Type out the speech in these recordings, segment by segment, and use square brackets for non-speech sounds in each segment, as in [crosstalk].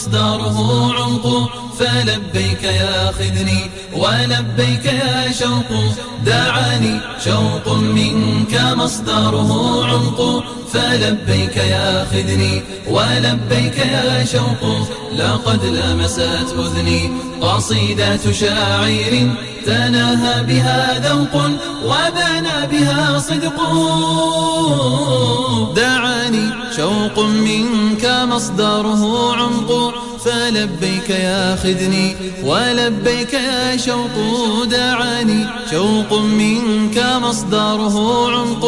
مصدره عمق فلبيك يا خذني ولبيك يا شوق دعاني شوق منك مصدره عمق فلبيك يا خذني ولبيك يا شوق لقد لمست أذني قصيدة شاعر تناهى بها ذوق وبنى بها صدق دعاني شوق منك مصدره عمق فلبيك يا خذني ولبيك يا شوق دعاني شوق منك مصدره عنق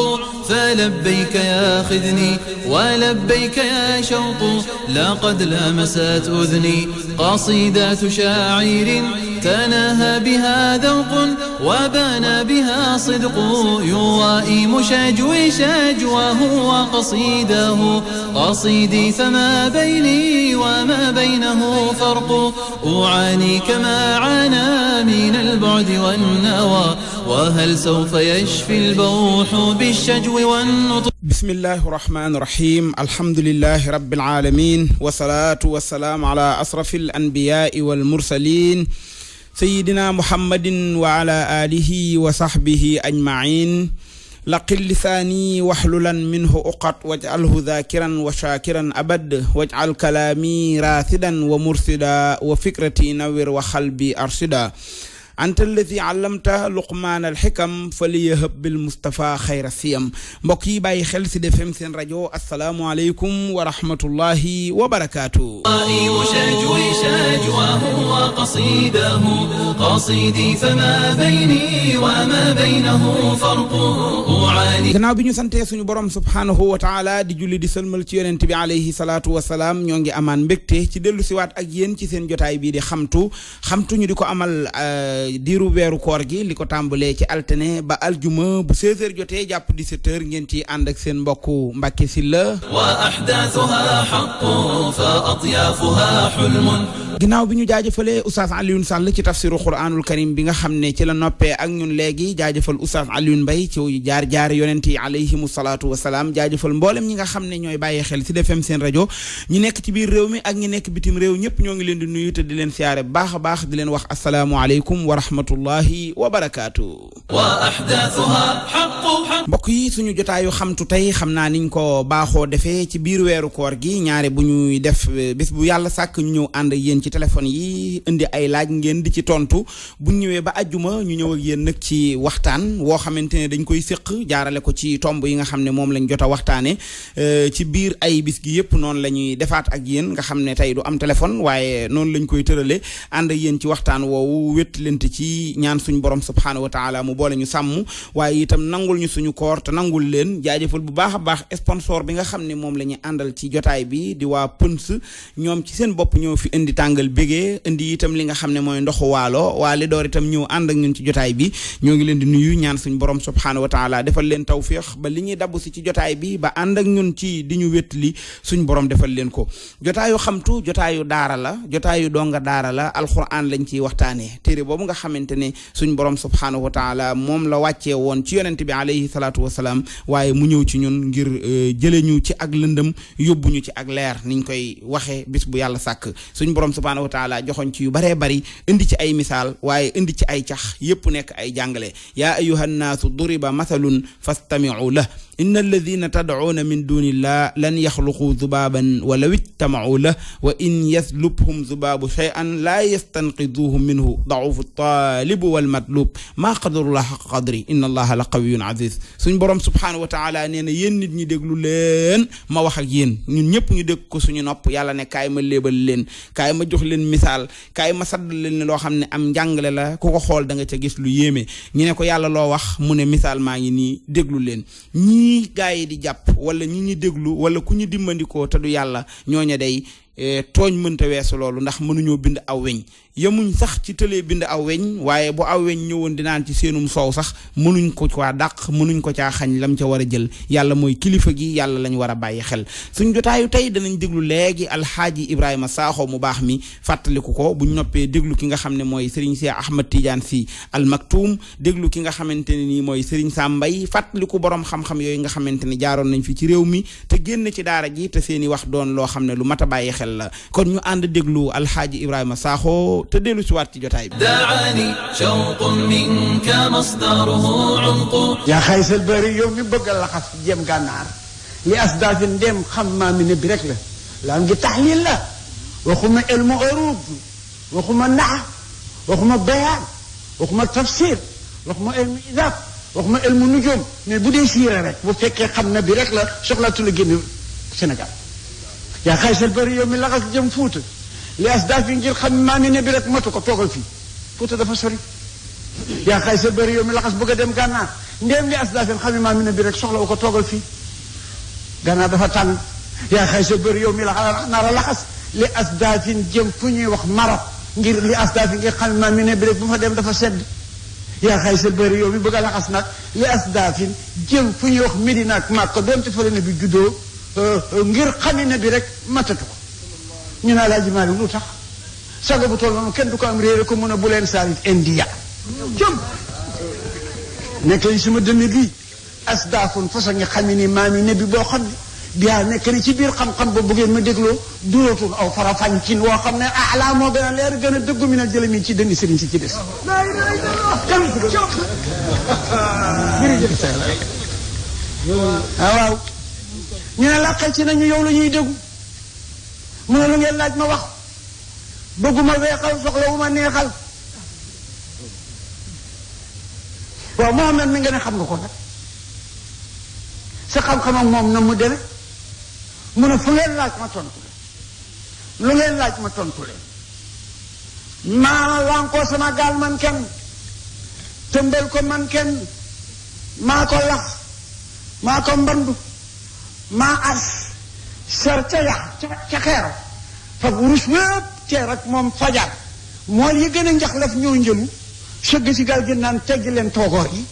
فلبيك يا خذني ولبيك يا شوق لقد لمست أذني قصيدة شاعر تناهى بها ذوق وبنى بها صدق يوائم شجوي شجواه وقصيده قصيدي فما بيني وما بينه فرق أعاني كما عانى من البعد والنوى وهل سوف يشفي البوح بالشجو والنطق بسم الله الرحمن الرحيم الحمد لله رب العالمين والصلاة والسلام على أشرف الأنبياء والمرسلين سيدنا محمد وعلى آله وصحبه أجمعين لقل لساني وحللا منه أقط واجعله ذاكرا وشاكرا أبد واجعل كلامي راسدا ومرسدا وفكرتي نور وخلبي أرشدا anta alladi allamta luqmaan alxikam fa liyahab bil mustafa xayra siyam mbokk yi bàyyi xel si defem seen rajo asalaamualeykum wa rahmatullahi wa barakaatu قصيده قصيدي فما بيني وما بينه فرق أعاني gannaaw bi ñu santee suñu borom subhaanahu wa taala di julli di sëlmal ci yonent bi alayhi salaatu wasalaam ñoo ngi amaan mbégte ci dellu siwaat ak yéen ci seen jotaay bii di xamtu xamtu ñu di ko amal euh, diiru weeru koor gi li ko tàmbalee ci altine ba aljuma bu 16h jotee jàpp 17h ngeen ci ànd seen mbokku Mbacke Sylla wa ahdaathuha haqqun fa atyaafuha hulmun ginnaaw bi ñu jaajëfalee oustaz Alioune Sall ci tafsiru quranul karim bi nga xam ne ci la noppee ak ñun léegi jaajëfal oustaz Alioune Mbaye ci jaar jaar yonent yi alayhimu salaatu salaam jaajëfal mboolem ñi nga xam ne ñooy bàyyi xel ci Sud FM seen rajo ñi nekk ci biir réew mi ak ñi nekk bitim réew ñëpp ñoo ngi leen di nuyu di leen siyaare baax a baax wa rahmatullahi wa barakaatu. wa ahdaathuha haqqu. mbokk yi suñu jotaayu xamtu tey xam naa niñ ko baaxoo defee ci biir weeru koor gi ñaare bu ñuy def eh, bis bu yàlla sàkk ñëw ànd yéen ci téléphone yi indi ay laaj ngeen di ci tontu bu ñëwee ba ajjuma ñu ñëw yéen nag ci waxtaan woo xamante ne dañ koy séq jaarale ko ci tomb yi nga xam ne moom lañ jot a waxtaanee eh, ci biir ay bis gi yëpp noonu la defaat ak yéen am téléphone waaye noonu lañ koy tëralee ànd yéen ci waxtaan woowu wét leen diggante ci ñaan suñu borom subhaanahu wa taala mu boole ñu sàmm waaye itam nangul ñu suñu koor te nangul leen jaajëfal bu baax a baax sponsor bi nga xam ne moom la ñu àndal ci jotaay bi di waa ñoom ci seen bopp ñoo fi indi tàngal bégee indi itam li nga xam ne mooy ndoxu waalo waale door itam ñëw ànd ak ñun ci jotaay bi ñoo ngi leen di nuyu ñaan suñu borom subhaanahu wa taala defal leen tawféex ba li ñuy dabb si ci jotaay bi ba ànd ak ñun ci di ñu wét li suñu borom defal leen ko jotaayu xamtu jotaayu daara la jotaayu donga daara la alxuraan lañ ciy waxtaanee téere boobu nga xamante ne suñ borom subhaanahu wa taala moom la wàccee woon ci yonent bi alayhi salaatu wasalaam waaye mu ñëw ci ñun ngir euh, jële ñu ci ak lëndëm yóbbu ci ak leer niñ koy waxee bis bu yàlla sàkk suñ borom subhaanahu wa taala joxoñ ci yu baree bari indi ci ay misaal waaye indi ci ay cax yépp nekk ay jàngale yaa ayuha nnaasu duriba mathalun fastamiu la inna alladina tadcuuna min duunillah lan yaxluqu zubaaban walaw ittamacuu la wa in yaslubhum zubaabu cheyan laa at-taalib wal matlub maa qadarullah xaq qadri inna allaha la qawiyyun aziz suñ borom subhaanahu wa taala nee na yéen nit ñi déglu leen ma wax ak yéen ñun ñëpp ñu dégg ko suñu nopp yàlla ne kaay ma léebal leen kaay ma jox leen misaal kaay ma sadd leen ne loo xam ne am njàngale la ku ko xool da nga ca gis lu yéeme ñu ne ko yàlla loo wax mu ne misaal maa ngi nii déglu leen ñii gaa yi di jàpp wala ñi ñu déglu wala ku ñu dimmandikoo te du yàlla ñooña day Eh, tooñ mënta weesu loolu ndax mënuñoo bind aw weñ yemuñ sax ci tëlee bind aw weñ waaye bo aweñ weñ ñëwoon dinaan ci seenum soow sax mënuñ ko caa dàq mënuñ ko caa xañ lam ca war a jël yàlla mooy kilifa gi yàlla lañ war a bàyyi xel suñ jotaayu tey danañ déglu léegi alxaaji Ibrahima Sakho mu baax mi fàttaliku ko buñ noppee déglu ki nga xam ne mooy Serigne Cheikh Ahmad Tidiane si Al Maktoum déglu ki nga xamante ne nii mooy Serigne mbay Mbaye fàttaliku borom xam-xam yooyu nga xamante ne jaaroon nañ fi ci réew mi te génn ci daara ji te seen wax doon loo xam ne lu mat a bàyyi xel la kon ñu ànd déglu alxaaji Ibrahima Sakho te dellu si waat ci jotaay bi. yaa xaysal bëri yow mi bëgg a laxas jëm gànnaar li asdaafin dem xam maa mi ne bi la laan ngi taxliil la waxuma ilmu urub waxuma nax waxuma bayaan waxuma tafsir waxuma ilmu idaab waxuma ilmu nujum mais bu dee siira rek bu fekkee xam na bi rek la soxlaatu la génn Sénégal yaa xaysal bëri yow mi laxas jëm fuuta li as daaf yi ngir xam ne bi rek matu ko toogal fii fuuta dafa sori yaa xaysal bëri yow mi laxas bëgg a dem gànnaar ndéem li as daaf yi xam ne bi rek soxla ko toogal fii gànnaar dafa tàng yaa xaysal bëri yow mi la laxas li as daaf yi jëm fu ñuy wax Maroc ngir li as daaf yi ngir xam mi ne bi rek bu ma dem dafa sedd ya xay sa bëri yow mi bëgg laxas nag li as daaf yi jëm ñuy wax Medina ak Màkka doon ci fële bi juddoo Euh, euh, ngir xamina bi rek matatu ko ñu naa laaji Maalik lu tax sago bu tool moom kenn du ko am réere ko a bu leen saalit indi ya jëm nekk lañ suma dënn gi asdaafun fasa ngi xami ni maami nebi boo xam ne biyaa nekk ni ci biir xam-xam ba bu ngeen ma dégloo durootun aw farafancin woo xam ne ala ah, leer gën a leer gën a dëggu mi na jëlami ci dënn sëriñ si ci des jërëjëf [laughs] ah, waaw ñu ne làqal ci nañu yow la ñuy déggu mu ne lu ngeen laaj ma wax bëgguma weexal soxlawuma neexal waaw Mohamed mi nga ne xam nga ko nag sa xam-xam ak moom na mu deme mu ne fu ngeen laaj ma tontu leen lu ngeen laaj ma tontu leen maa lànkoo sama gaal man kenn tëmbal ko man kenn maa ko lax maa ko mbandu maa as ser ca yax ca xeer fag wurus wépp ceer ak moom fajar mool yi gën a njaxlaf ñoo njëlu sëgg si gaal gi naan teggi leen toogoor yi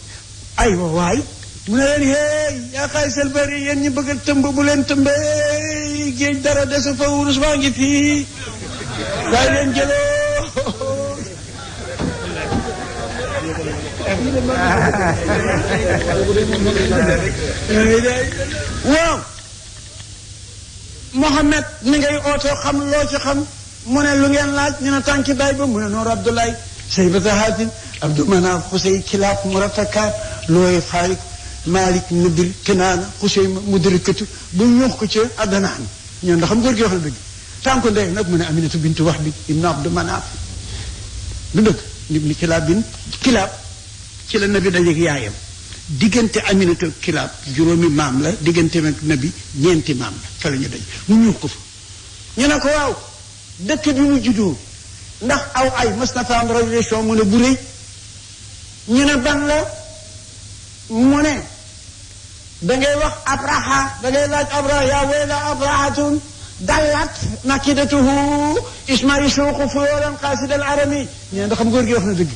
ay wa waay mu ne leen hey yaa xaay sel ñu bëgg a tëmb bu leen tëmbee géej dara desu fa wurus baa ngi fii daay leen jëloo [laughs] Mohamed mi ngay oote xam loo ci xam mu ne lu ngeen laaj ñu ne tànki baay ba mu ne noor Abdoulaye Saybata Haatim Abdou Manaaf Xusey Kilaab Murataka looy Faalik Malik Nabil Kinaana Xusey Mudarikatu bu ñuux ko ci Adnaan ñoo ndax xam góor gi wax na dëgg tànku ndey nag mu ne Aminatu bintu wax bi ibnu Abdou Manaaf lu dëgg nit ñi Kilaab bin Kilaab ci la nabi dajeeg yaayam diggante Aminata Kilaab juróomi maam la diggante ak nabi ñeenti maam la fa la ñu daj mu ñuux ko fa ñu ne ko waaw dëkk bi mu juddoo ndax aw ay mas na mu ne bu rëy ñu ne ban la mu ne da ngay wax abraha da ngay laaj abraha yaa wayla abrahatun dallat nakidatuhu isma isuqu fuyoolan qasid al arami ñu ne xam góor gi wax na dëgg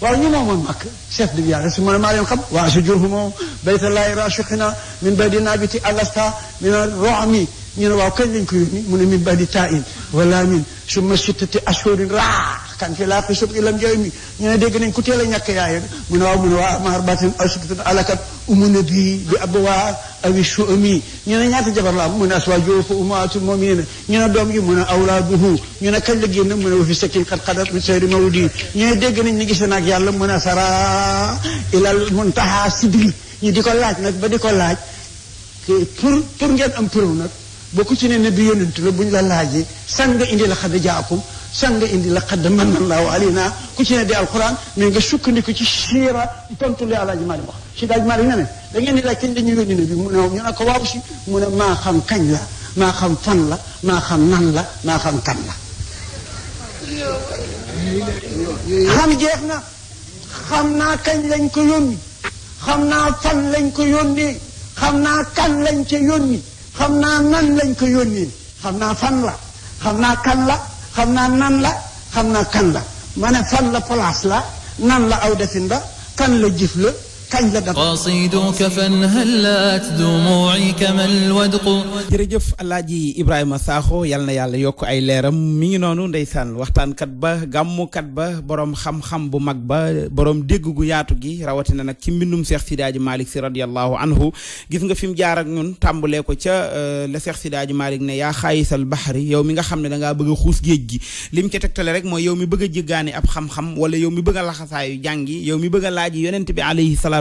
waaw ñu moomoon màkk chef de village su ma ne maa leen xam waa su jur humoo baytallahi rashiqina min baydi naabiti alasta min roami ñu ne waaw kañ lañ ko yónni mu ne min baydi taa in wala min summa sittati ashhurin raa kan fi laa xisub ilam jooy mi ñu ne dégg nañ ku teel a ñàkk yaayam mu ne waaw mu ne waa maar a asuktan alakat umuna bi bi abwaa awi suami ñu ne ñaata jabar la am mu ne aswaaju fa umaatul mu'minin ñu ne doom yi mu ne awlaaduhu ñu ne kañ la génn mu ne wa fi sakin xat xadat min dégg nañ ni ne sara ilal muntaha ko laaj nag ba di ko laaj pour pour ngeen am preuve nag boo ci ne ne bi yonent la bu ñu la laajee san nga indi la xad jaakum san nga indi la xadd man nan laaw alina ku ci ne di alquran mais nga sukkandiku ci siira tontu li alaaji Maalik wax si i Maalik ne ne da ngeen di laaj kañ dañu yónni ne bi mu ko waaw si mu ne maa xam kañ la maa xam fan la maa xam nan la maa xam kan la xam jeex na xam naa kañ lañ ko yónni xam naa fan lañ ko yónni xam naa kan lañ ca yónni xam naa nan lañ ko yónni xam naa fan la xam naa kan la xam naa nan la xam naa kan la ma ne fan la place la nan la aw defin kan la jëf la kañ la dara qasiduka fanhallat dumu'i kama alwadq jërëjëf alaaji Ibrahima Sakho yal na yàlla yokk ay leeram mi ngi noonu ndeysaan waxtaankat ba gàmmukat ba borom xam-xam bu mag ba borom dégg gu yaatu gi rawatina nag ci mbindum Cheikh Sidi Hadji Malick Sy radiyallahu anhu gis nga fi mu jaar ak tàmbalee ko ca euh, la Cheikh Sidi Hadji Malick ne yaa xaayisal baxri yow mi nga xam ne dangaa bëgg xuus géej gi lim ca tegtale rek mooy yow mi bëgg a jéggaani ab xam wala yow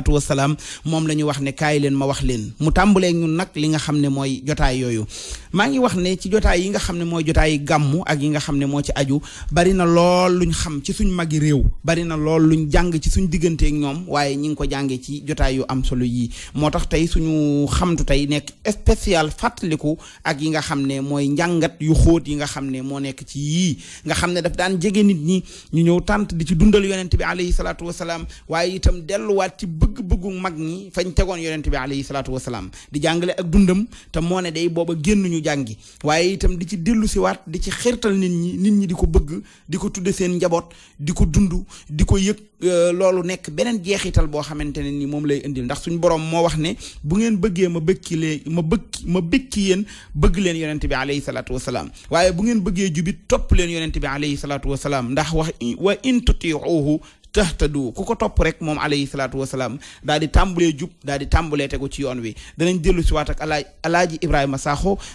salaatu wa moom la ñu wax ne kaay leen ma wax leen mu tàmbalee ñun nag li nga xam ne mooy jotaay yooyu maa ngi wax ne ci jotaay yi nga xam ne mooy jotaay gàmmu ak yi nga xam ne moo ci aju bari na lool luñ xam ci suñ magi réew bari na lool luñ jàng ci suñ digganteek ñoom waaye ñi ngi ko jàngee ci jotaay yu am solo yii moo tax tey suñu xam xamtu tey nekk spécial fàttaliku ak yi nga xam ne mooy njàngat yu xóot yi nga xam ne moo nekk ci yii nga xam ne daf daan jege nit ñi ñu ñëw tànt di ci dundal yonent bi alayhi salaatu wasalaam waaye itam delluwaat ci bëgg bëggum mag ñi fañ tegoon yonent bi alayhi salaatu wasalaam di jàngale ak dundam te moo ne day booba génnuñu jàngi waaye itam di ci dellu siwaat di ci xirtal nit ñi nit ñi di ko bëgg di ko tudde seen njaboot di ko dund di ko yëg euh, loolu nekk beneen jeexital boo xamante ne ni moom lay indil ndax suñu borom moo wax ne bu ngeen bëggee ma bëgg lee ma bëkki ma bëkki yéen bëgg leen yonent bi alayhi salaatu wasalaam waaye bu ngeen bëggee jubit topp leen yonent bi alayhi salaatu wasalaam ndax wax wa in tutiuhu tahtadu ku ko topp rek moom alayhi salaatu wasalaam daal di tàmbalee jub daal di tàmbalee tegu ci yoon wi danañ dellu si waat ak alaaj alaaji Ibrahima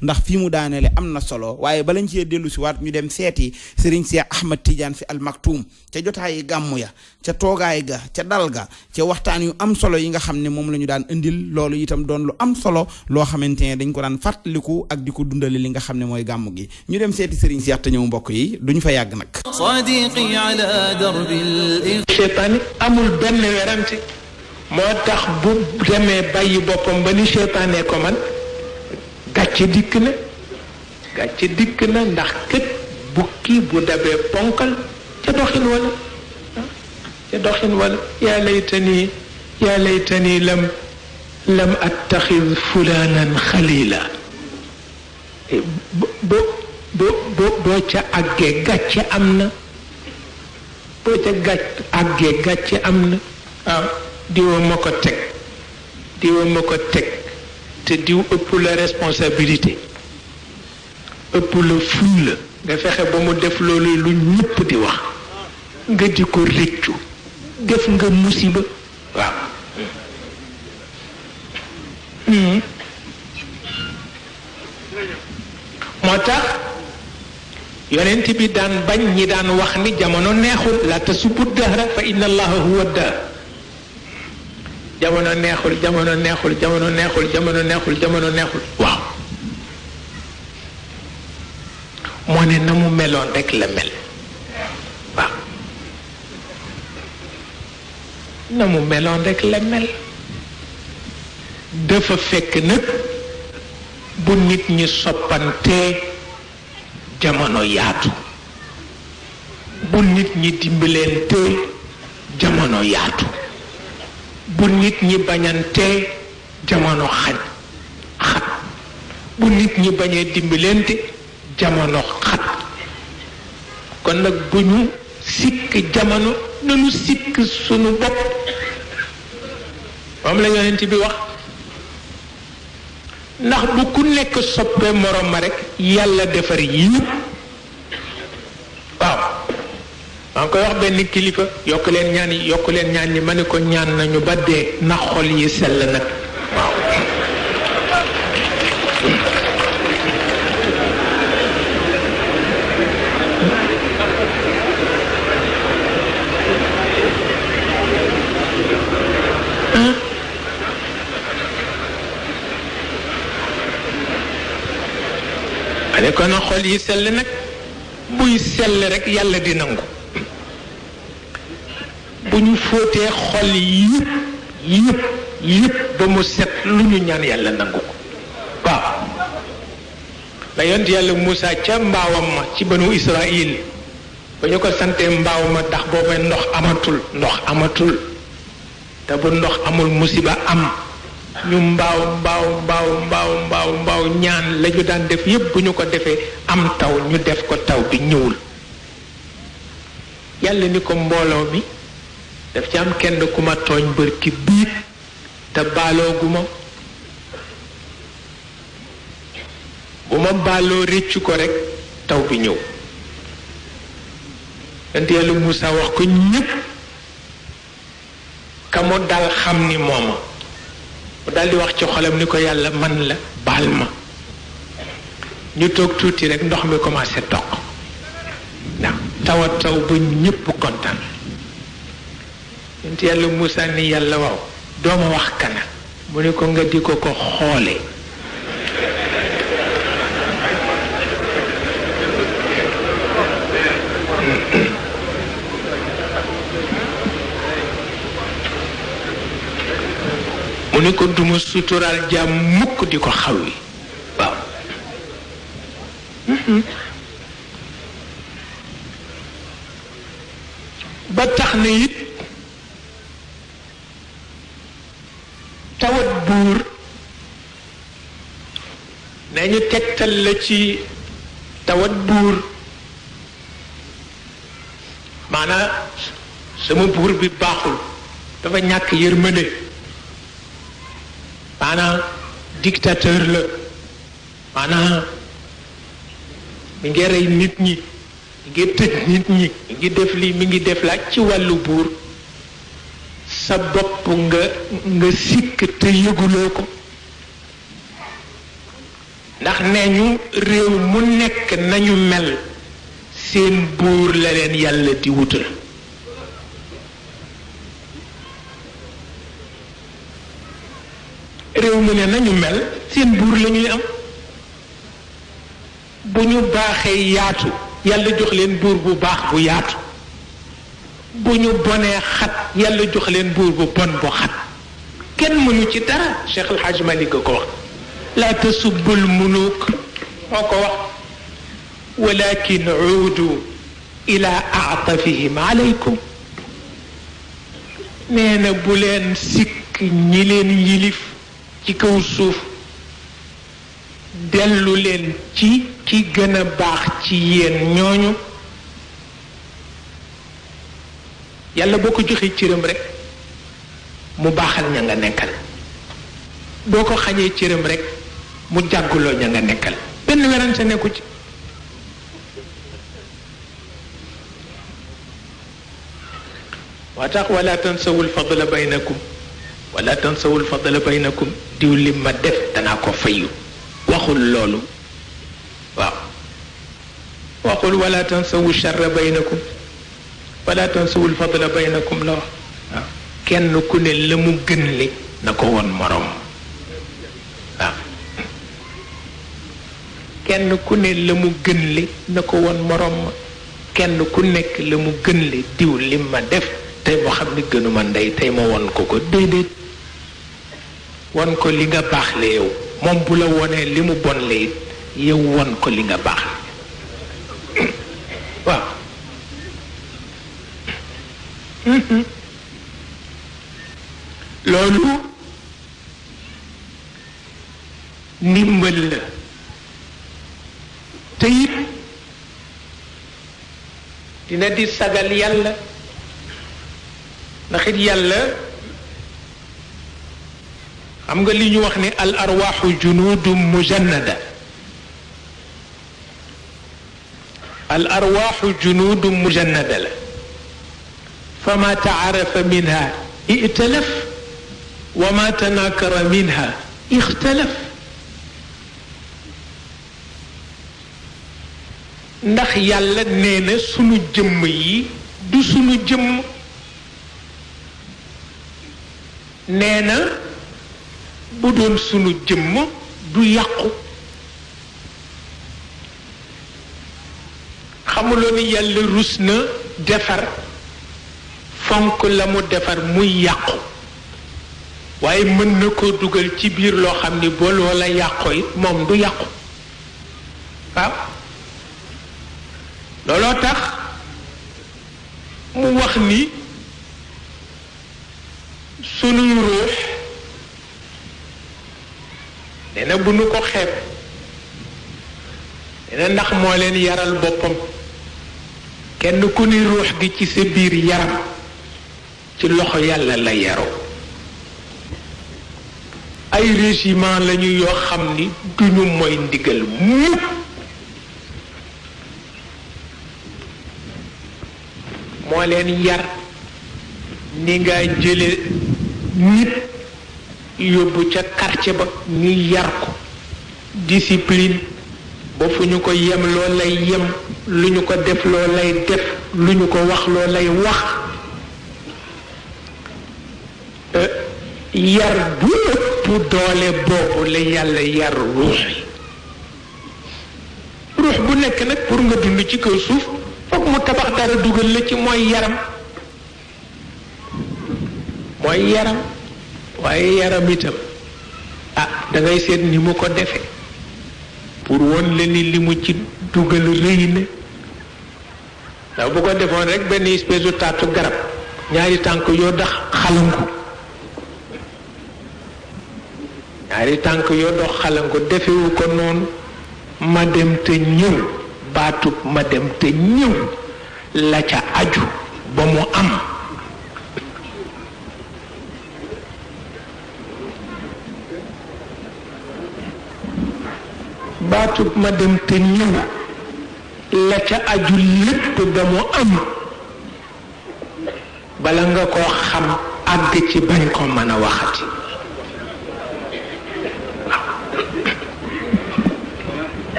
ndax fi mu le am na solo waaye balañ cee dellu si waat ñu dem seeti si Cheikh Ahmad Tidiane Sy Al Maktoum ca jotaayi gàmmu ya ca toogaay ga ca dal ga ca waxtaan yu am solo yi nga xam ne moom la ñu daan indil loolu itam doon lu am solo loo xamante ne dañ ko daan fàttaliku ak di ko li nga xam ne mooy gàmmu gi ñu dem seeti Serigne Cheikh te ñëw mbokk yi duñ fa yàgg nag seytaane amul benn werante moo tax bu demee bàyyi boppam ba ni seytaane ko man gàcce dikk na gàcce dikk na ndax kët bukki bu dabee ponkal ca doxin wala ca doxin wala yaa laytani yaa laytani lam lam attaxid fulaanan xalila eh, bo bo bo boo ca àggee gàcce am na boo ca gàcc àggee gàcce am na waaw ah. diwa ma ko teg diwa ma ko teg te diw ëpp la responsabilité ëpp la ful la nga fexe ba mu def loolu lu ñëpp di wax nga di ko rëccu def nga musiba waaw hmm. moo tax yonent bi daan bañ ñi daan wax ni jamono neexul la tasubbu dahra fa inna huwa dahr jamono neexul jamono neexul jamono neexul jamono neexul jamono neexul waaw moo ne na mu meloon rekk la mel waaw na mu meloon rekk la mel dafa fekk nag bu nit ñu soppantee jamono yaatu bu nit ñi dimbalante jamono yaatu bu nit ñi bañante jamono xaj xat bu nit ñi bañee dimbalante jamono xat kon nag bu ñu sikk jamono nanu sikk sunu bopp moom la yonent bi wax ndax bu ku nekk soppee morom ma rek yàlla defar yiw waaw maa ngi koy wax benn kilifa yokk leen ñaan yi yokk leen ñaan yi ma ne ko ñaan nañu ba dee na xol yi sell nag te kon xol yi sell nag buy sell rek yàlla di nangu bu ñu fóotee xol yi yëpp yëpp ba mu set lu ñu ñaan yàlla nangu ko waaw la yont yàlla Moussa ca mbaawam ma ci banu Israil ba ñu ko santee mbaaw ma ndax booba ndox amatul ndox amatul te bu ndox amul musiba am ñu mbaaw mbaaw mbaaw mbaaw mbaaw mbaaw ñaan lañu daan def yépp ñu ko defee am taw ñu def ko taw bi ñëwul yàlla ni ko mbooloo mi def ci am kenn ku ma tooñ bërki biir te baalooguma bu ma baaloo réccu ko rekk taw bi ñëw yonent yàlla Muusa wax ko ñépp ka mu dal xam ni mooma daal di wax ci xolam ni ko yàlla man la baal ma ñu toog tuuti rek ndox mi commencé toq ndax taw a taw ba ñëpp kontaan yonent yàlla Moussa ni yàlla waaw doomu wax kana mu ne ko nga di ko ko xoole mu ne ko duma suturaal jaam mukk di ko xaw yi waaw mm-hmm. ba tax na it tawat buur nañu tegtal la ci tawat buur maanaa sama buur bi baaxul dafa ñàkk yërmande maanaam dictateur la maanaam mi nit ñi mi tëj nit ñi ngi def lii mi ngi def laaj ci wàllu buur sa bopp nga nga sikk te yëguloo ko ndax nee ñu réew mu nekk nañu mel seen buur la leen yàlla di wutal réew mu ne nañu mel seen buur la ñuy am bu ñu baaxee yaatu yàlla jox leen buur bu baax bu yaatu bu ñu bone xat yàlla jox leen buur bu bon bu xat kenn mënu ci dara Cheikh El Hadj Malick ko wax laa tasubbul muluk moo ko wax walakin uudu ila aatafihim alaykum nee bu leen sikk ñi leen ci kaw suuf dellu leen ci ki gën a baax ci yéen ñooñu yàlla boo ko joxee cëram rek mu baaxal ña nga nekkal boo ko xañee cëram rek mu jàgguloo ña nga nekkal benn werante nekku ci waa tax wala tansawul fadla baynakum wala tansawul fadla baynakum diw li ma def danaa ko fayu waxul loolu waaw waxul wala tansawu charra baynakum wala tansawul fadla baynakum la wax waaw kenn ku ne la mu gën li na ko woon morom waaw kenn ku ne la mu gën li na ko woon morom ma kenn ku nekk la mu gën li diw li ma def tey moo xam ni gënuma ndey tey ma won ko ko déedéet won ko li nga baax la yow moom bu la wonee li mu bon la it yow won ko li nga baax waaw loolu ndimbal la te dina di sagal yàlla ndax yàlla xam nga li ñu wax ni al arwaaxu junuudu mujannada al arwaaxu junuudu mujannada la fama taarafa minha italaf wa ma tanakara minha ixtalaf ndax yàlla nee sunu jëmm yi du sunu jëmm nee na bu doon sunu jëmm du yàqu xamuloo ni yàlla rus na defar fonk la mu defar muy yàqu waaye mën na koo dugal ci biir loo xam ni bool walla yàqu moom du yàqu waaw looloo tax mu wax ni sunuy ruux nee bu nu ko xeeb nee ndax moo leen yaral boppam kenn ku ni ruux gi ci sa biir yaram ci loxo yàlla la yaroo ay régiment lañu yoo xam ni duñu mooy ndigal mukk moo leen yar ni nga jële nit yóbbu ca quartier ba ñu yar ko discipline ba fu ñu ko yem loo lay yem lu ñu ko def loo lay def lu ñu ko wax loo lay wax euh, yar bu ëpp doole boobu la yàlla yar ruux ruux bu nekk nag pour nga dund ci kaw suuf foog mu tabax dara dugal la ci mooy yaram mooy yaram waaye yaram itam ah dangay seet ni mu ko defe pour won la ni li mu ci dugal rëy na ndax bu ko defoon rek benn espèce de taatu garab ñaari tànk yoo dox xalangu ñaari tànk yoo dox xalangu defewu ko noonu ma dem te ñëw baatub ma dem te ñëw la ca aju ba mu am baatub ma dem te ñëw la ca aju lépp ba am bala nga koo xam àgg ci bañ ko mën a waxati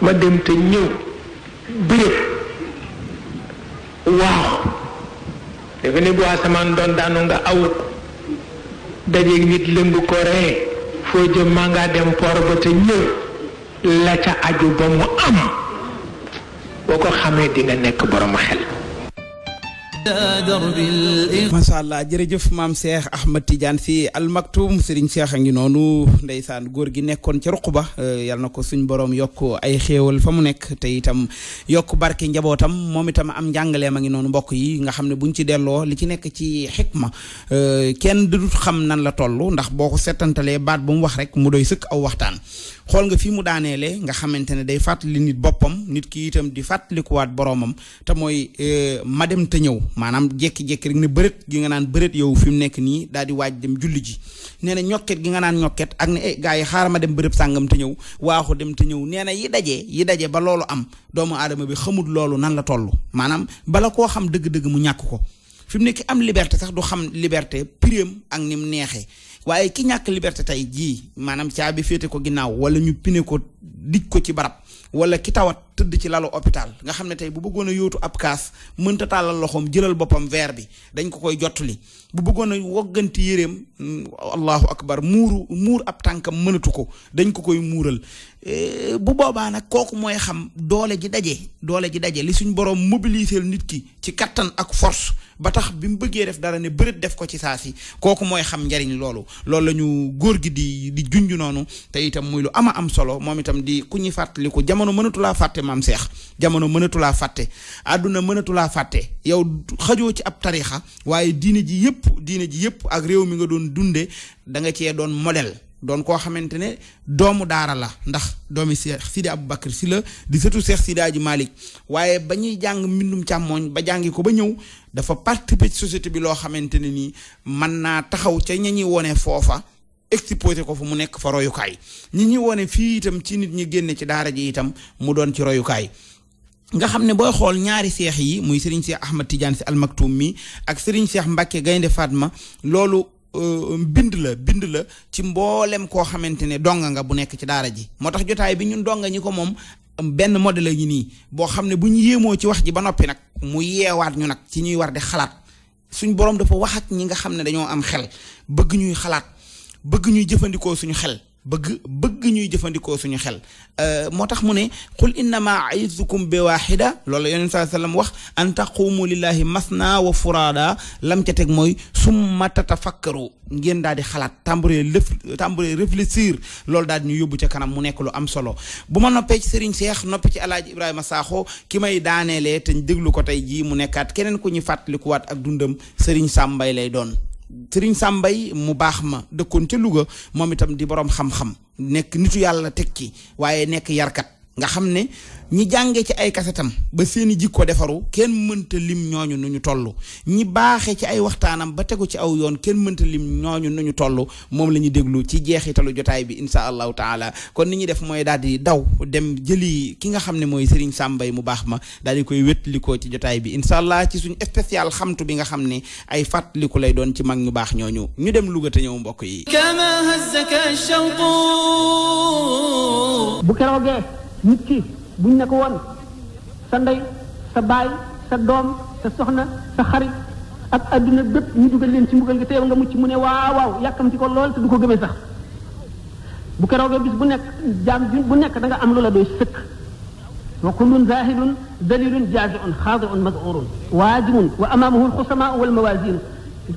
ma dem te ñëw béréb waaw defe ne bu asamaan doon daanu nga awut dajeeg nit lëng ko ree foo jëm maa ngaa dem por ba te ñëw la ca aju ba mu am boo ko xamee dinga nekk borom xel macha allah jërëjëf maam Cheikh Ahmad tiijan si almaktum Serigne Cheikh a ngi noonu ndeysaan góor gi nekkoon ca ruq ba euh, yal na ko suñ borom yokk ay xéewal fa mu nekk te itam yokk barke njabootam moom itam am njàngaleem a ngi noonu mbokk yi nga xam ne buñ ci delloo li ci nekk ci xikma euh, kenn du xam nan la toll ndax boo ko settantalee baat bu mu wax rek mu doy sëkk aw waxtaan xool nga fi mu daaneele nga xamante ne day fàttali nit boppam nit ki itam di fàttalikuwaat boromam te mooy euh, ma dem te ñëw. maanaam jékki-jékki rek ne bërët gi nga naan bërët yow fi mu nekk nii daal di waaj dem julli ji nee na ñokket gi nga naan ñokket ak ne eh gars yi xaaral ma dem bërëb sàngam te ñëw waaxu dem te ñëw nee na dajee yi dajee ba loolu am doomu aadama bi xamut loolu nan la toll maanaam bala koo xam dëgg-dëgg mu ñàkk ko fi mu nekk am liberté sax du xam liberté prime ak ni mu neexee waaye ki ñàkk liberté tey jii maanaam caabi féete ko ginnaaw wala ñu pine ko dij ko ci barab wala ki tawat tëdd ci lalu hôpital nga xam ne tey bu bëggoon a yóotu ab kaas mënta tàllal loxoom jëlal boppam verre bi dañ ko koy jottali bu bëggoon a wogganti yéreem mm, allahu akbar muuru muur ab tànkam mënatu ko dañ ko koy muural e, bu boobaa nag kooku mooy xam doole ji daje doole ji daje li suñ borom mobiliser nit ki ci kattan ak force ba tax bi mu bëggee def dara ne bëreet def ko ci saa si kooku mooy xam njariñ loolu loolu lañu góor gi di di junj noonu te itam muy lu ama am solo moom itam fàtte maam seex jamono mënatulaa fàtte àdduna mënatulaa fàtte yow xajoo ci ab tariixa waaye diine ji yëpp diine ji yëpp ak réew mi nga doon dunde da nga cee doon model doon koo xamante ne doomu daara la ndax doomi Seex Sidi Aboubacar si la di sëtu Seex Sidi Aji Malick waaye ba ñuy jàng mbindum càmmooñ ba jàngi ko ba ñëw dafa participer ci société bi loo xamante ne nii mën naa taxaw ca ña ñuy wone foofa exposé ko fa mu nekk fa royukaay ñi ñu wone fii itam ci nit ñi génne ci daara ji itam mu doon ci royukaay nga xam ne booy xool ñaari seex yi muy Serigne Cheikh Ahmad Tidiane Sy Al Maktoum mi ak Serigne Cheikh Mbacke Gaynde Fatma loolu euh, bind la bind la ci mboolem koo xamante ne donga nga bu nekk ci daara ji moo tax jotaay bi ñun donga ñi ko moom benn modèle la ñu nii boo xam ne bu ñu yéemoo ci wax ji ba noppi nag mu yeewaat ñu nag ci ñuy war di xalaat suñ borom dafa wax ak ñi nga xam ne dañoo am xel bëgg bëgg ñuy jëfandikoo suñu xel bëgg bëgg ñuy jëfandikoo suñu xel euh, moo tax mu ne qul innama aizukum bi waaxida loolu yonent saa sallam wax an taqumu lillahi masna wa furaada lam ca teg mooy su summa tatafakkaru ngeen daal di xalaat tàmbalee lëf tàmbalee réfléchir loolu daal di ñu yóbbu ca kanam mu nekk lu am solo bu ma noppee ci Serigne Cheikh noppi ci alaaji Ibrahima Sakho ki may daaneelee te déglu ko tey jii mu nekkaat keneen ku ñu fàttalikuwaat ak dundam Serigne Sam lay doon Serigne Sambay mu baax ma dëkkoon ca Louga moom itam di boroom xam-xam nekk nitu yàlla teg ci waaye nekk yarkat nga xam ne ñi jàngee ci ay kasetam ba seeni jikko defaru kenn mënta lim ñooñu nu ñu toll ñi baaxee ci ay waxtaanam ba tegu ci aw yoon kenn mënta lim ñooñu nu ñu toll moom la ñuy déglu ci jeexitalu jotaay bi insha allahu taala kon ni ñu def mooy daal di daw dem jëli ki nga xam ne mooy Serigne Sàmbay mu baax ma daal di koy wétlikoo ci jotaay bi incha allah ci suñ spécial xamtu bi nga xam ne ay fàttaliku lay doon ci mag ñu baax ñooñu ñu dem Louga te ñëw mbokk yi. bu bu ne ko woon sa ndey sa baay sa doom sa soxna sa xarit ak adduna bépp ñu dugal leen ci mbugal gi te yow nga mucc mu ne waaw waaw yàkkamti ko lool te du ko gëmee sax bu keroogee bis bu nekk jaam bu nekk da nga am loola doy sëkk wa kullun zahilun dalilun jaziun xaadiun mazurun waajimun wa amaamahu alxusamaa wal mawaasin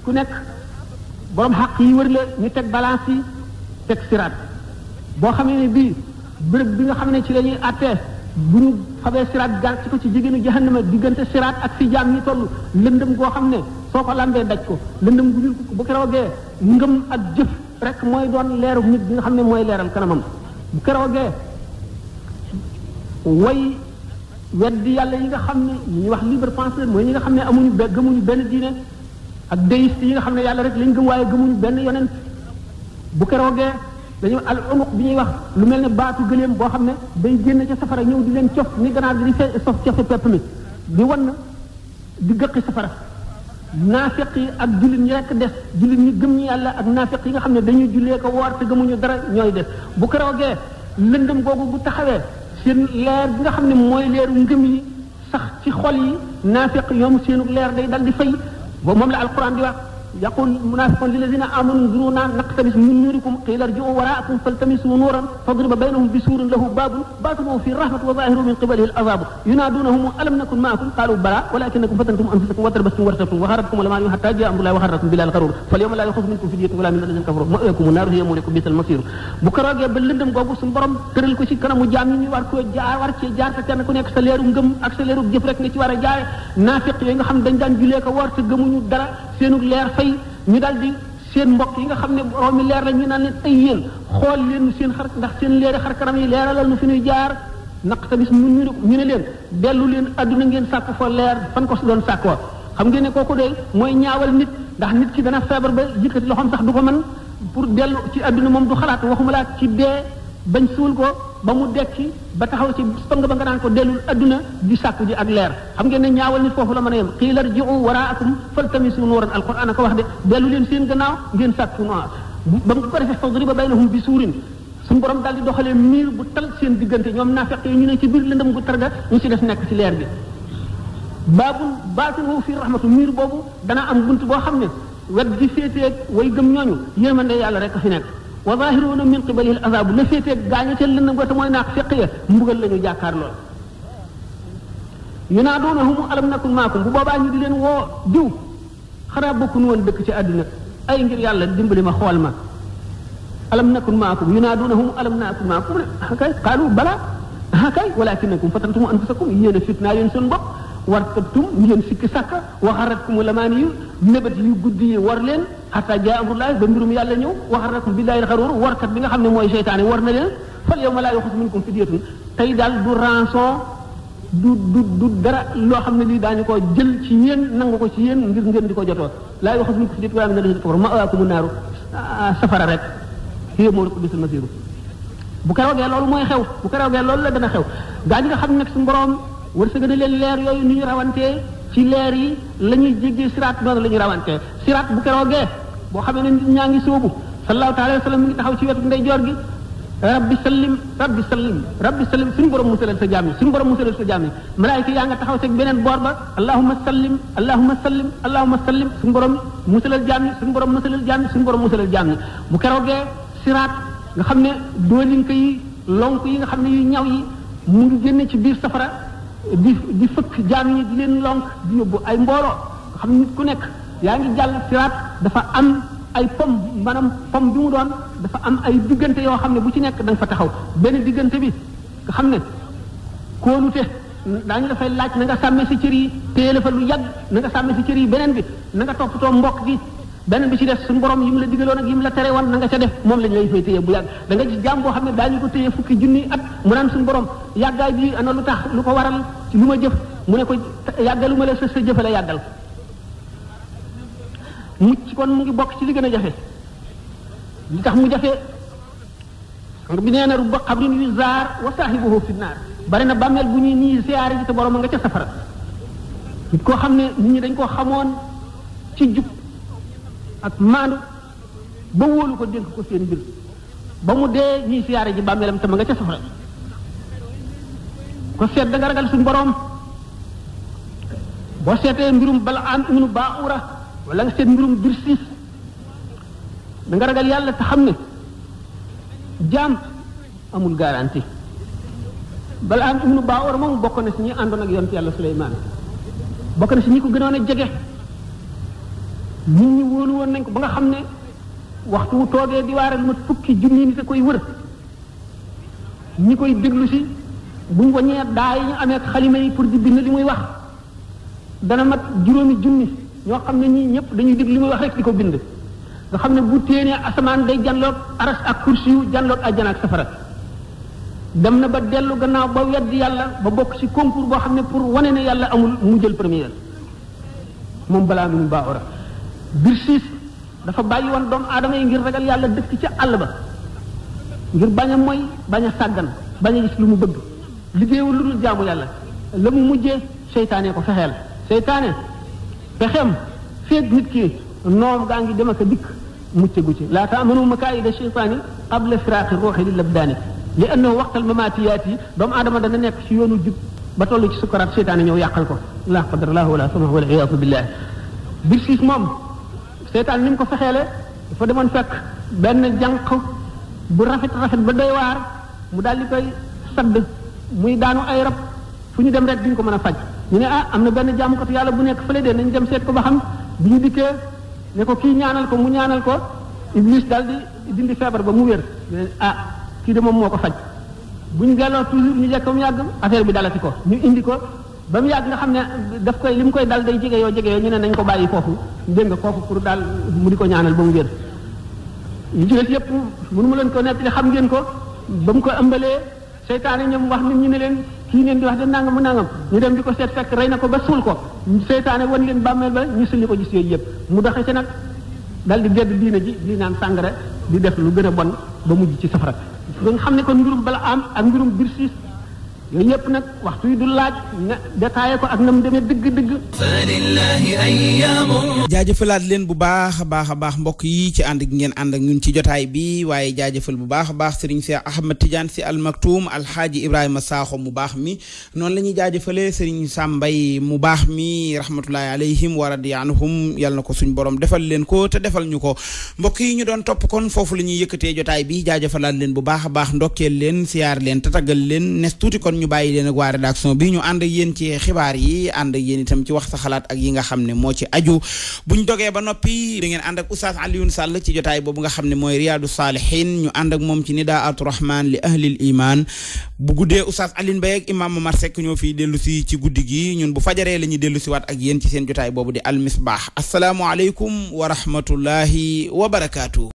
ku nekk borom xaq yi wër le ñu teg balance yi teg siraat boo xam ne bi béréb bi nga xam ne ci la ñuy bu ñu xabee siraat gar ci ko ci jigéenu ma diggante siraat ak fi jaam ñi toll lëndëm goo xam ne soo ko lambee daj ko lëndëm gu ñul ko bu keroogee ngëm ak jëf rek mooy doon leeru nit bi nga xam ne mooy leeral kanamam bu keroogee way weddi yàlla yi nga xam ne ñu ñuy wax libre penseur mooy ñi nga xam ne amuñu be gëmuñu benn diine ak déiste yi nga xam ne yàlla rek lañ gëm waaye gëmuñu benn yonent bu keroogee dañu al unuq bi ñuy wax lu mel ne baatu gëléem boo xam ne day génn ca safara ñëw di leen cof ni ganaar gi di fe sof cofe pepp mi di wan di gëqi safara naafiq yi ak jullit ñi rekk des jullit ñi gëm ñi yàlla ak naafiq yi nga xam ne dañuy jullee ko woor te gëmuñu dara ñooy des bu keroogee lëndëm googu bu taxawee seen leer bi nga xam ne mooy leeru ngëm yi sax ci xol yi naafiq ñoom seenu leer day dal di fay ba moom la alquran di wax yaqul munafiqun lilladina amanu nzuruna naqtabis min nurikum qila irji'u wara'akum faltamisu nuran fadriba baynahum bisurin lahu babun batinuhu fi rahmati wa zahiruhu min qibalihi al-azab yunadunahum alam nakun ma'akum qalu bala walakinakum fatantum anfusakum wa tarbastum wartabtum wa gharratkum al-amani hatta ja'a amrullahi wa gharrakum billahi al-gharur falyawma la yukhaffafu minkum fidyatun wala min alladhina kafaru ma'wakum an-nar hiya mawlakum bisal masir bu karoogee ba lëndëm googu suñu borom tëral ko ci kanamu jaam ñi ñu war ko jaar war ci jaar te kenn ku nekk sa leeru ngëm ak sa leeru jëf rek nga ci war a jaare naafiq yooyu nga xam dañ daan julee ko woor te gëmuñu dara seenu leer fay xëy ñu dal seen mbokk yi nga xam ne boroomi leer la ñu naan leen ay yéen xool leen seen xar ndax seen leeri xar kanam yi leeralal nu fi ñuy jaar naq tamit mu ñu ne leen dellu leen adduna ngeen sàkk fa leer fan ko si doon sàkk wa xam ngeen ne ko de mooy ñaawal nit ndax nit ki dana feebar ba yëkkati loxoom sax du ko man pour dellu ci adduna moom du xalaat waxuma laa ci dee bañ suul ko ba mu dekki ba taxaw ci pëng ba nga naan ko dellul adduna di sàkku ji ak leer xam ngeen ne ñaawal nit foofu la mën a yem qiila irji'u waraakum faltamisu nuuran alquran ko wax de dellu leen seen gannaaw ngeen sàkku noor ba mu ko defee fadriba baynahum bi suurin suñu borom daal di doxalee miir bu tal seen diggante ñoom naafeq yi ñu ne ci biir lëndëm gu targa ñu ci def nekk ci leer bi baabul baatinuhu fii rahmatu miir boobu dana am bunt boo xam ne wet gi féeteeg way gëm ñooñu yéemande yàlla rek a fi nekk wa zaahiruuna min qibalihi al azaabu la féeteeg gaañu ca lëndëm ga te mooy naaq feq ya mbugal la ñu jàkkaar lool yunaaduunahum alam nakun maakum bu boobaa ñu di leen woo diw xanaa bokkuñu woon dëkk ci àdduna ay ngir yàlla dimbali ma xool ma alam nakun maakum yunaaduunahum alam nakun maakum hakay qaalu bala hakay walakinakum fatantum anfusakum yéen a fitnaa yéen seen bopp war tabtum ngeen sikki sàkka waxaratkum lamaani yu mébét yu guddi yi war leen xataa jaa amrullah ba mbirum yàlla ñëw waxarakum billahi xaruur warkat bi nga xam ne mooy seytaane war na leen fal yow ma laa yoxus minkum fidyatun tey daal du rançon du du du dara loo xam ne lii ñu ko jël ci yéen nangu ko ci yéen ngir ngeen di ko jotoo laa yoxus minkum fidyatun wala min alladina kafaru ma'waakumu naaru ah, safara rek hiya mawlaakum bi'sal masiiru bu keroogee loolu mooy xew bu keroogee loolu la dana xew gaa nga xam ne nag suñu borom wërsëg na leen leer yooyu ni ñu rawantee ci leer yi la ñuy jéggee siraat noonu la ñuy rawantee siraat bu keroogee boo xamee ne nit ñaa ngi sóobu sallallahu taala wa sallam mu ngi taxaw ci wetu ndeyjoor gi rabbi sallim rabbi sallim rabbi sallim suñu borom musalal sa jaam yi suñu borom musalal sa jaam yi malaayika yaa nga taxaw seeg beneen boor ba allahumma sallim allahumma sallim allahumma sallim suñu borom musalal jaam yi suñu borom musalal jaam yi suñu borom musalal jaam yi bu keroogee siraat nga xam ne doolinka yi lonk yi nga xam ne yu ñaw yi mu ngi génne ci biir safara di di fëkk jaam yi di leen lonk di yóbbu ay mbooloo ku nekk yaa ngi jàll siraat dafa am ay pom maanaam pom bi mu doon dafa am ay diggante yoo xam ne bu ci nekk da fa taxaw benn diggante bi nga xam ne kóolute daañu dafay laaj na nga sàmme sa cër yi téele fa lu yàgg na nga sàmme sa cër yi beneen bi na nga toppatoo mbokk gi beneen bi ci def suñu borom yi mu la digaloon ak yi la tere woon na nga ca def moom lañ lay fay téye bu yàgg da jaam boo xam ne daañu ko téye fukki junni at mu naan suñu borom yàggaay bi ana lu tax lu ko waral lu ma jëf mu ne ko yàggaluma la sa sa jëfale yàggal mucc kon mu ngi bokk ci li gën a jafe li tax mu jafe sang bi nee na rubba xabrin yu zaar wa saahibuhu fi naar bari na bàmmeel bu ñuy nii siyaare ji te borom a nga ca safara koo xam ne nit dañ koo xamoon ci jub ak maandu ko dénk ko seen dee ñuy ji bàmmeelam te ma nga ca ko seet da nga ragal suñu borom boo seetee mbirum bala an ibnu baura wala nga seet mbirum bir danga da ragal yàlla te xam ne jaam amul garanti balaa am ibnu baawar moom bokk na si ñi àndoon ak yonent yàlla suleymaan bokk na si ñi ko gënoon a jege nit ñi wóolu woon nañ ko ba nga xam ne waxtu wu toogee di waare lu mat fukki junni nit a koy wër ñi koy déglu si buñ wañee daa yi ñu amee xalima yi pour di bind li muy wax dana mat juróomi junni ñoo xam ne ñii ñëpp dañuy dig li muy wax rek di ko bind nga xam ne bu téenee asamaan day jàlloog aras ak kursi yu ay àjjana ak safara dem na ba dellu gannaaw ba wedd yàlla ba bokk ci concours boo xam ne pour wane ne yàlla amul mu jël première moom balaa mu baa ora Birsiis dafa bàyyi woon doom aadama yi ngir ragal yàlla dëkk ca àll ba ngir bañ a mooy bañ a sàggan bañ a gis lu mu bëgg liggéeyul lu dul jaamu yàlla la mu mujjee seytaanee ko fexeel seytaane pexem feeg nit ki noom gaa ngi dem ak a dikk muccagu ci laa taamanu makaayida cheytaani qabla firaaqi ruuxi li labdaani li annahu waxtal mamaatiyaat yi doomu aadama dana nekk ci yoonu jub ba toll ci sukaraat cheytaani ñëw yàqal ko laa qadar laahu wala sama wala iyaadu billahi bir siis moom cheytaan ni mu ko fexeele dafa demoon fekk benn jànq bu rafet rafet ba doy waar mu daal di koy sadd muy daanu ay rab fu ñu dem rek duñ ko mën a faj ñu ne ah am na benn jaamukatu yàlla bu nekk fële de nañ dem seet ko ba xam bi ñu dikkee ne ko kii ñaanal ko mu ñaanal ko iblis daal dindi feebar ba mu wér ñu ne ah, kii de moom moo ko faj bu ñu delloo toujours ñu jekk ba mu affaire bi dalati ko ñu indi ko ba mu yàgg nga xam ne daf koy li mu koy dal day jege yoo jege ñu ne nañ ko bàyyi foofu dégg nga foofu pour daal mu di ko ñaanal ba mu wér ñu ci des yëpp mënu ma leen ko nettali xam ngeen ko ba mu ko ëmbalee seytaane ñoom wax nit ñu ne leen kii ngeen di wax de nangam mu nangam ñu dem di ko seet fekk rey na ko ba suul ko seytaane wan leen bàmmeel ba ñu sulli ko gis yooyu yëpp mu doxe ci nag dal di gedd diina ji li naan sàngara di def lu gën a bon ba mujj ci safara nga xam ne ko mbirum bala am ak mbirum birsis yooyu yëpp nag waxtu yi du laaj nga détaillé ko ak na mu demee dëgg-dëgg. jaajëfalaat leen bu baax a baax a baax mbokk yi ci ànd ngeen ànd ak ñun ci jotaay bi waaye jaajëfal bu baax a baax sëriñ Cheikh Ahmed Tidiane si almaktuum alxaaji Ibrahima Sakho mu baax mi noonu la ñuy jaajëfalee sëriñ Sambay mu baax mi rahmatullahi alayhim wa radiyanhum yal na ko suñ borom defal leen ko te defal ñu ko mbokk yi ñu doon topp kon foofu la ñuy yëkkatee jotaay bi jaajëfalaat leen bu baax a baax ndokkeel leen siyaar leen te leen nes tuuti kon ñu bàyyi leen ak waa rédaction bi ñu ànd ak yéen ci xibaar yi ànd ak yéen ci wax sa xalaat ak yi nga xam ne moo ci aju buñ dogee ba noppi da ngeen ànd ak Oustaz Alioune Sall ci jotaay boobu nga xam ne mooy Riyadou Salihine ñu ànd ak moom ci nidaatu rahman li ahlil iman bu guddee Oustaz Alioune Mbaye ak Imam Momar Seck ñoo fiy dellu si ci guddi gi ñun bu fajaree la ñuy dellu si waat ak yéen ci seen jotaay boobu di Al Misbah asalaamualeykum wa rahmatullahi wa barakaatu.